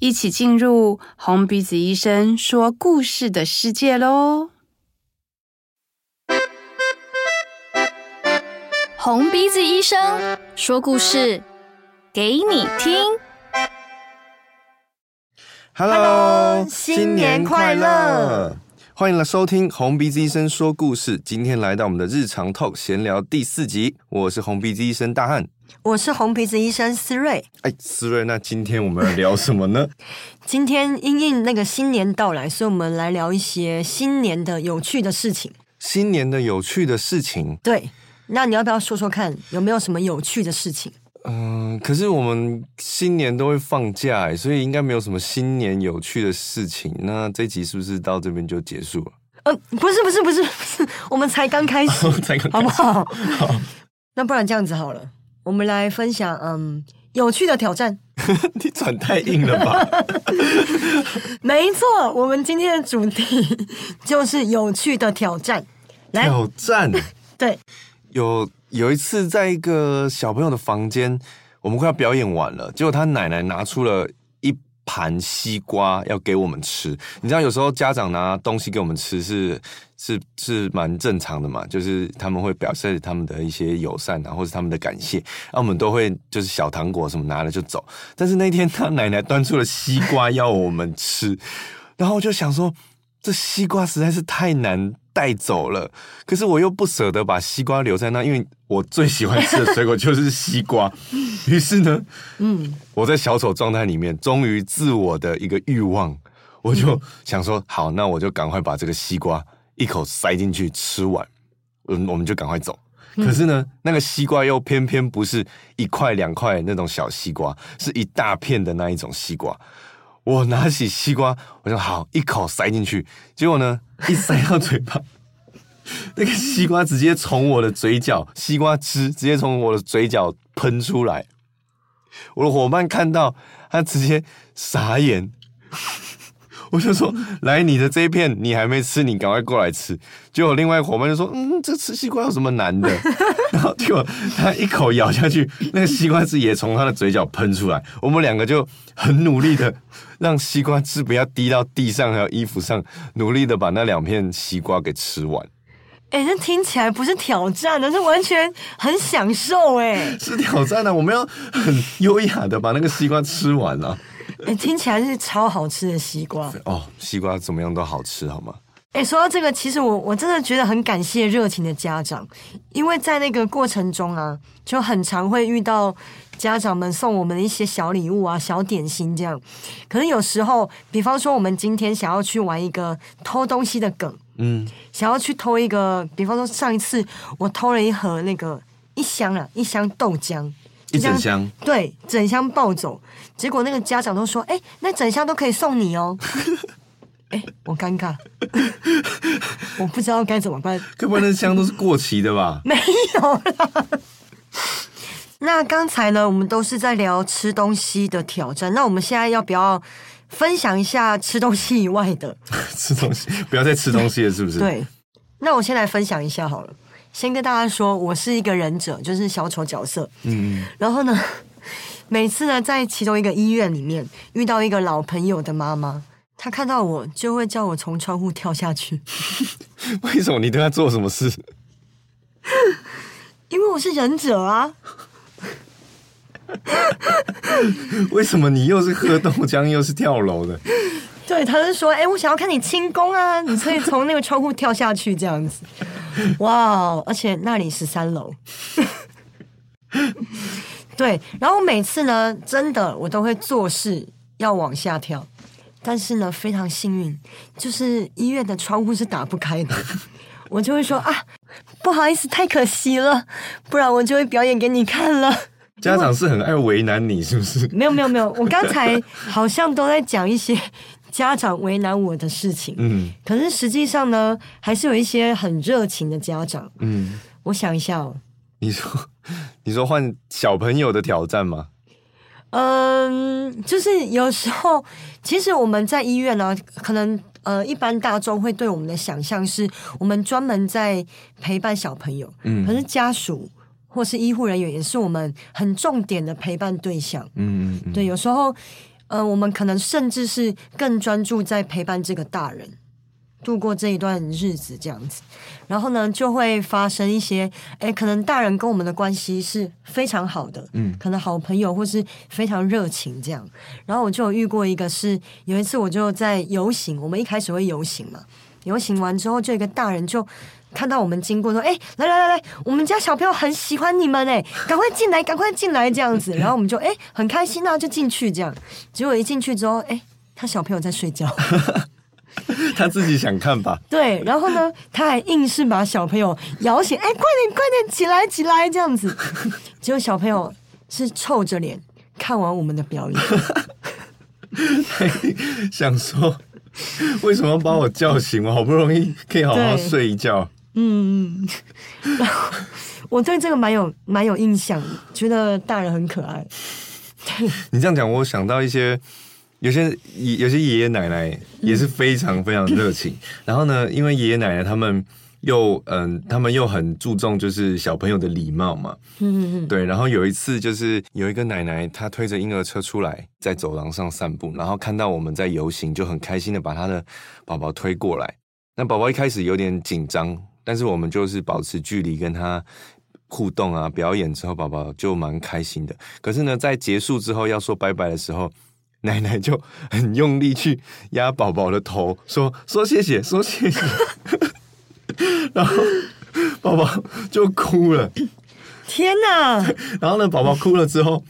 一起進入紅鼻子醫生說故事的世界嘍！紅鼻子醫生說故事給你聽。Hello，新年快樂！歡迎來收聽紅鼻子醫生說故事，今天來到我們的日常 talk 閒聊第四集，我是紅鼻子醫生大漢，我是紅鼻子醫生思瑞。哎，思瑞，那今天我們要聊什麼呢？ 今天因應那個新年到來，所以我們來聊一些新年的有趣的事情。新年的有趣的事情，對，那你要不要說說看，有沒有什麼有趣的事情？嗯、呃，可是我們新年都會放假哎，所以應該沒有什麼新年有趣的事情。那這集是不是到這邊就結束了？嗯、呃，不是，不是，不是，不是，我們才剛開始， 才剛開始，好不好？好，那不然這樣子好了，我們來分享嗯有趣的挑戰。 你轉太硬了吧？ 沒錯，我們今天的主題就是有趣的挑戰。來。挑戰？ 對，有。有一次，在一個小朋友的房間，我們快要表演完了，結果他奶奶拿出了一盤西瓜要給我們吃。你知道，有時候家長拿東西給我們吃是是是蠻正常的嘛，就是他們會表示他們的一些友善，啊，或是他們的感謝，那我們都會就是小糖果什麼拿了就走。但是那天他奶奶端出了西瓜要我們吃， 然後我就想說。這西瓜實在是太難帶走了，可是我又不捨得把西瓜留在那，因為我最喜歡吃的水果就是西瓜。 於是呢，嗯，我在小丑狀態裡面，忠於自我的一個慾望，我就想說，好，那我就趕快把這個西瓜一口塞進去吃完，嗯，我們就趕快走。可是呢，那個西瓜又偏偏不是一塊兩塊那種小西瓜，是一大片的那一種西瓜。我拿起西瓜，我就好一口塞進去，結果呢，一塞到嘴巴， 那個西瓜直接從我的嘴角，西瓜汁直接從我的嘴角噴出來。我的夥伴看到，他直接傻眼。我就說，來你的這一片，你還沒吃，你趕快過來吃。結果另外夥伴就說，嗯，這吃西瓜有什麼難的？ 然後結果他一口咬下去，那個西瓜汁也從他的嘴角噴出來。我們兩個就很努力的讓西瓜汁不要滴到地上還有衣服上，努力的把那兩片西瓜給吃完。哎、欸，這聽起來不是挑戰，而是完全很享受。誒，是挑戰的、啊，我們要很優雅的把那個西瓜吃完了。哎、欸，聽起來是超好吃的西瓜哦！西瓜怎麼樣都好吃，好嗎？哎、欸，說到這個，其實我我真的覺得很感謝熱情的家長，因為在那個過程中啊，就很常會遇到家長們送我們的一些小禮物啊、小點心這樣。可能有時候，比方說我們今天想要去玩一個偷東西的梗，嗯，想要去偷一個，比方說上一次我偷了一盒那個一箱啊，一箱豆漿。一整箱，對，整箱抱走，結果那個家長都說：“哎、欸，那整箱都可以送你哦、喔。”哎、 欸，我尷尬， 我不知道該怎麼辦。要不然那箱都是過期的吧？ 沒有了啦。 那剛才呢，我們都是在聊吃東西的挑戰。那我們現在要不要分享一下吃東西以外的？ 吃東西不要再吃東西了，是不是？對。那我先來分享一下好了。先跟大家說，我是一個忍者，就是小丑角色。嗯。然後呢，每次呢，在其中一個醫院裡面遇到一個老朋友的媽媽，她看到我就會叫我從窗戶跳下去。為什麼你對她做什麼事？因為我是忍者啊。為什麼你又是喝豆漿又是跳樓的？對，他是說，哎，我想要看你輕功啊，你可以從那個窗戶跳下去這樣子。哇，wow，而且那裡十三樓， 對。然後我每次呢，真的我都會做事要往下跳，但是呢，非常幸運，就是醫院的窗戶是打不開的， 我就會說啊，不好意思，太可惜了，不然我就會表演給你看了。家長是很愛為難你，是不是？沒有沒有沒有，我剛才好像都在講一些。家長為難我的事情，嗯，可是實際上呢，還是有一些很熱情的家長，嗯，我想一下哦，你說，你說換小朋友的挑戰嗎？嗯，就是有時候，其實我們在醫院呢，可能呃，一般大眾會對我們的想象是，我們專門在陪伴小朋友，嗯，可是家屬或是醫護人員也是我們很重點的陪伴對象，嗯嗯，嗯，對，有時候。呃，我們可能甚至是更專注在陪伴這個大人度過這一段日子這樣子，然後呢，就會發生一些，誒，可能大人跟我們的關係是非常好的，嗯，可能好朋友或是非常熱情這樣，然後我就有遇過一個是，是有一次我就在遊行，我們一開始會遊行嘛，遊行完之後，就一個大人就。看到我們經過，說：“哎、欸，來來來來，我們家小朋友很喜歡你們哎、欸，趕快進來，趕快進來，這樣子。”然後我們就哎、欸、很開心啊就進去這樣。結果一進去之後，哎、欸，他小朋友在睡覺， 他自己想看吧。對，然後呢，他還硬是把小朋友搖醒，哎、欸，快點快點起來起來，起來這樣子。結果小朋友是臭着臉看完我們的表演， 欸、想說為什麼要把我叫醒？我好不容易可以好好睡一覺。嗯，我對這個蠻有蠻有印象，覺得大人很可愛。對。你這樣講，我想到一些有些有些爺爺奶奶也是非常非常熱情。嗯，然後呢，因為爺爺奶奶他們又嗯，他們又很注重，就是小朋友的禮貌嘛。嗯嗯嗯。對，然後有一次就是有一個奶奶，她推着嬰兒車出來，在走廊上散步，然後看到我們在遊行，就很開心的把她的寶寶推過來。那寶寶一開始有點緊張。但是我們就是保持距離跟他互動啊，表演之後寶寶就蠻開心的。可是呢，在結束之後要說拜拜的時候，奶奶就很用力去壓寶寶的頭，說說謝謝，說謝謝， 然後寶寶就哭了。天哪！然後呢，寶寶哭了之後。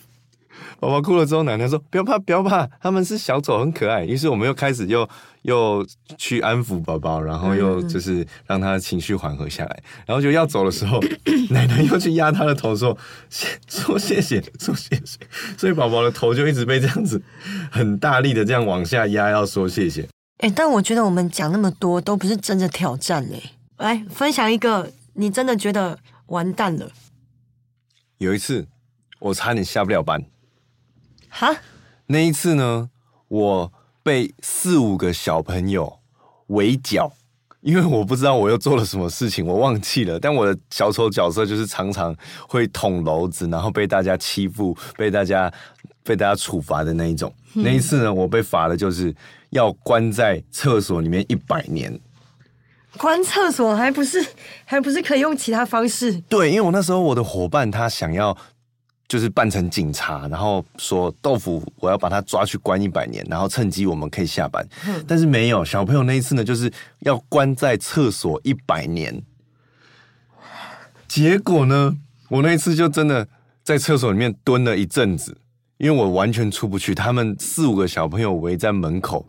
寶寶哭了之後，奶奶說：“不要怕，不要怕，他們是小丑，很可愛。”於是我們又開始又又去安撫寶寶，然後又就是讓他情緒緩和下來。嗯、然後就要走的時候，嗯、奶奶又去壓他的頭，說：“說謝謝，說謝謝。”所以寶寶的頭就一直被這樣子很大力的這樣往下壓，要說謝謝。哎、欸，但我覺得我們講那麼多都不是真的挑戰哎。來分享一個你真的覺得完蛋了。有一次，我差點下不了班。哈，那一次呢，我被四五個小朋友圍剿，因為我不知道我又做了什麼事情，我忘記了。但我的小丑角色就是常常會捅婁子，然後被大家欺負，被大家被大家處罰的那一種。嗯，那一次呢，我被罰的就是要關在廁所裡面一百年。關廁所還不是還不是可以用其他方式？對，因為我那時候我的夥伴他想要。就是扮成警察，然後說豆腐，我要把他抓去關一百年，然後趁機我們可以下班。嗯、但是沒有小朋友那一次呢，就是要關在廁所一百年。結果呢，我那一次就真的在廁所裡面蹲了一陣子，因為我完全出不去。他們四五個小朋友圍在門口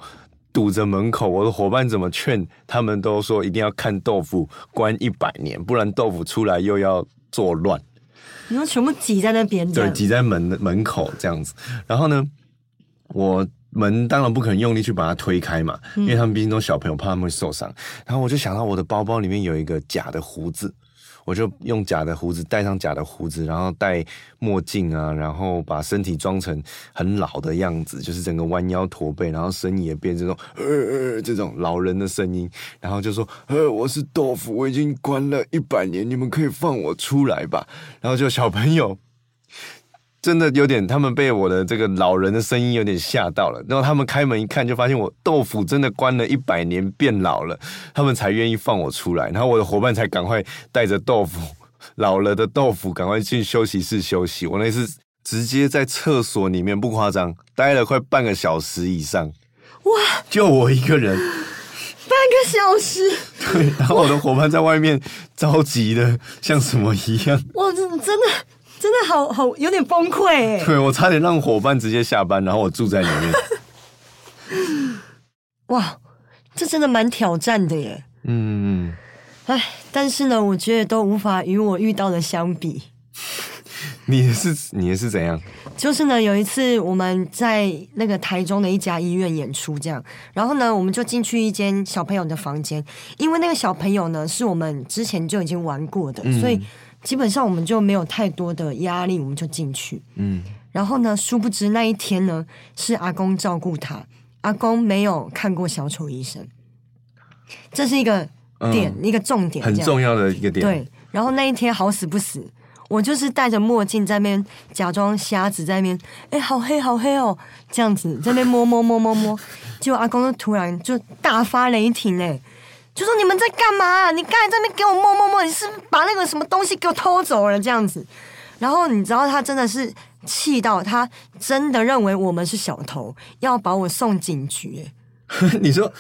堵着門口，我的伙伴怎麼勸他們都說一定要看豆腐關一百年，不然豆腐出來又要作亂。然後全部擠在那邊，對，擠在門的門口這樣子。然後呢，我們當然不可能用力去把它推開嘛，嗯、因為他們畢竟都小朋友，怕他們會受傷。然後我就想到我的包包裡面有一個假的鬍子。我就用假的鬍子，戴上假的鬍子，然後戴墨鏡啊，然後把身體裝成很老的樣子，就是整個彎腰駝背，然後聲音也變這種呃，呃這種老人的聲音，然後就說呃，我是豆腐，我已經關了一百年，你們可以放我出來吧，然後就小朋友。真的有點，他們被我的這個老人的聲音有點嚇到了。然後他們開門一看，就發現我豆腐真的關了一百年變老了，他們才願意放我出來。然後我的夥伴才趕快帶着豆腐，老了的豆腐，趕快進休息室休息。我那次直接在廁所裡面不誇張，待了快半個小時以上。哇！就我一個人，半個小時。對，然後我的夥伴在外面着急的像什麼一樣。哇，真的。真的好好，有點崩潰、欸。對我差點讓夥伴直接下班，然後我住在裡面。 哇，這真的蠻挑戰的耶。嗯。哎，但是呢，我覺得都無法與我遇到的相比。你也是，你也是怎樣？就是呢，有一次我們在那個台中的一家醫院演出，這樣，然後呢，我們就進去一間小朋友的房間，因為那個小朋友呢是我們之前就已經玩過的，嗯、所以。基本上我們就沒有太多的壓力，我們就進去。嗯，然後呢，殊不知那一天呢是阿公照顧他，阿公沒有看過小丑醫生，這是一個點，嗯、一個重點，很重要的一個點。對，然後那一天好死不死，我就是戴着墨鏡在那邊假裝瞎子，在那邊哎好黑好黑哦，這樣子在那邊摸摸摸摸摸，摸，結果 阿公突然就大發雷霆嘞、欸。就說你們在幹嘛，啊？你剛才在那邊給我摸摸摸，你是把那個什麼東西給我偷走了這樣子？然後你知道他真的是氣到，他真的認為我們是小偷，要把我送警局呵呵。你說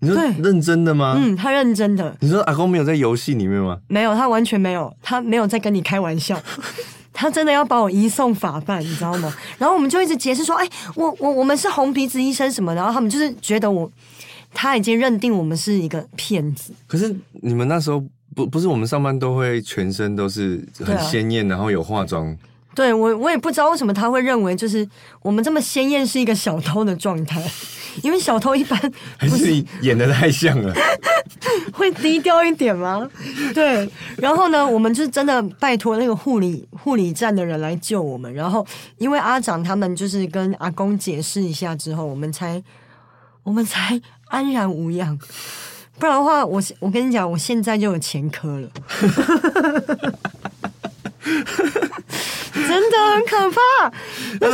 你說認真的嗎？嗯，他認真的。你說阿公沒有在遊戲裡面嗎？沒有，他完全沒有，他沒有在跟你開玩笑， 他真的要把我移送法辦，你知道嗎？ 然後我們就一直解釋說，哎、欸，我我我們是紅鼻子醫生什麼的，然後他們就是覺得我。他已經認定我們是一個騙子。可是你們那時候不不是我們上班都會全身都是很鮮艷，啊、然後有化妝。對，我我也不知道為什麼他會認為就是我們這麼鮮艷是一個小偷的狀態，因為小偷一般是還是演得太像了， 會低調一點嗎？對，然後呢，我們就真的拜託那個護理護理站的人來救我們，然後因為阿長他們就是跟阿公解釋一下之後，我們才我們才。安然無恙，不然的話，我我跟你講，我現在就有前科了， 真的很可怕。那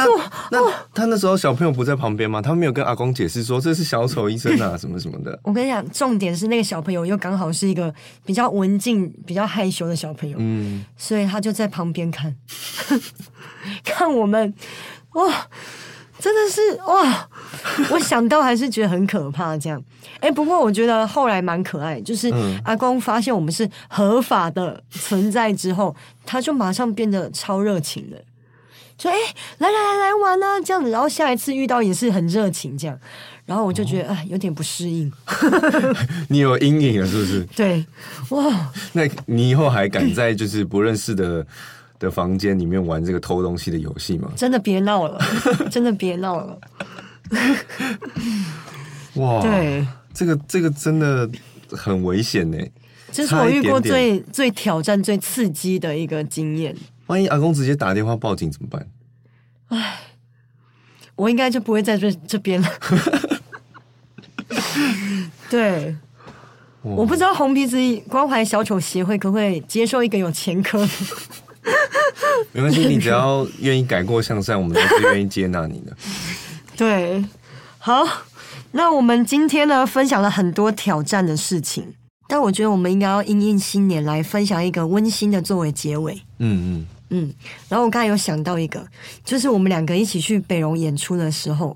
那哇他那時候小朋友不在旁邊嘛，他沒有跟阿公解釋說這是小丑醫生啊，什麼什麼的。 我跟你講，重點是那個小朋友又剛好是一個比較文靜、比較害羞的小朋友，嗯，所以他就在旁邊看， 看我們，哇，真的是哇。 我想到還是覺得很可怕，這樣。哎，不過我覺得後來蠻可愛，就是阿公發現我們是合法的存在之後，他就馬上變得超熱情的，說：“哎，來來來來玩啊！”這樣子，然後下一次遇到也是很熱情，這樣。然後我就覺得哎、哦，有點不適應。 你有陰影了是不是？對，哇，那你以後還敢在就是不認識的、嗯、的房間裡面玩這個偷東西的遊戲嗎？真的別鬧了，真的別鬧了。 哇！對，這個這個真的很危險呢，這是我遇過最點點最挑戰、最刺激的一個經驗。萬一阿公直接打電話報警怎麼辦？哎，我應該就不會在這這邊了。 對，哇我不知道紅鼻子關懷小丑協會可不可以接受一個有前科的？沒關係，科你只要願意改過向善，我們都是願意接納你的。 對，好，那我們今天呢，分享了很多挑戰的事情，但我覺得我們應該要因應新年來分享一個溫馨的作為結尾。嗯嗯嗯。然後我剛才有想到一個，就是我們兩個一起去北榮演出的時候，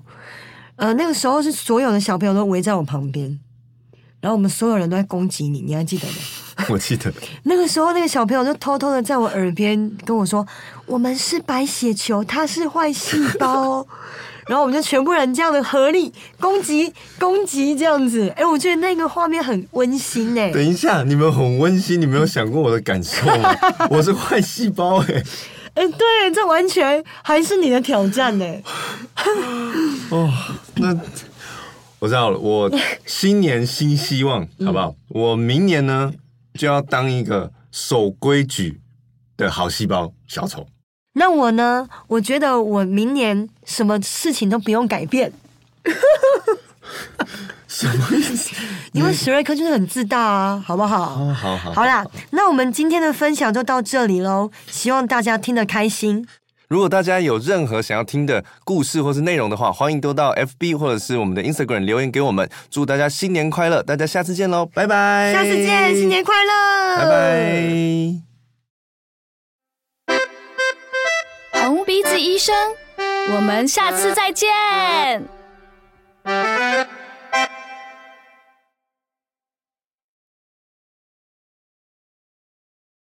呃，那個時候是所有的小朋友都圍在我旁邊，然後我們所有人都在攻擊你，你還記得嗎？我記得。 那個時候，那個小朋友就偷偷的在我耳邊跟我說：“我們是白血球，他是壞細胞。” 然後我們就全部人這樣的合力攻擊攻擊這樣子。哎，我覺得那個畫面很溫馨哎。等一下，你們很溫馨，你沒有想過我的感受嗎？我是壞細胞哎。哎，對，這完全還是你的挑戰呢。哦，那我知道了，我新年新希望，好不好？嗯，我明年呢就要當一個守規矩的好細胞小丑。那我呢？我覺得我明年。什麼事情都不用改變， 什麼意思？因為史瑞克就是很自大啊，好不好？ 好好好，好啦， 那我們今天的分享就到這裡嘍，希望大家聽得開心。 如果大家有任何想要聽的故事或是內容的話，歡迎都到 FB 或者是我們的 Instagram 留言給我們。祝大家新年快樂，大家下次見嘍，拜拜！下次見，新年快樂，拜拜！拜拜！紅鼻子醫生。我們下次再見。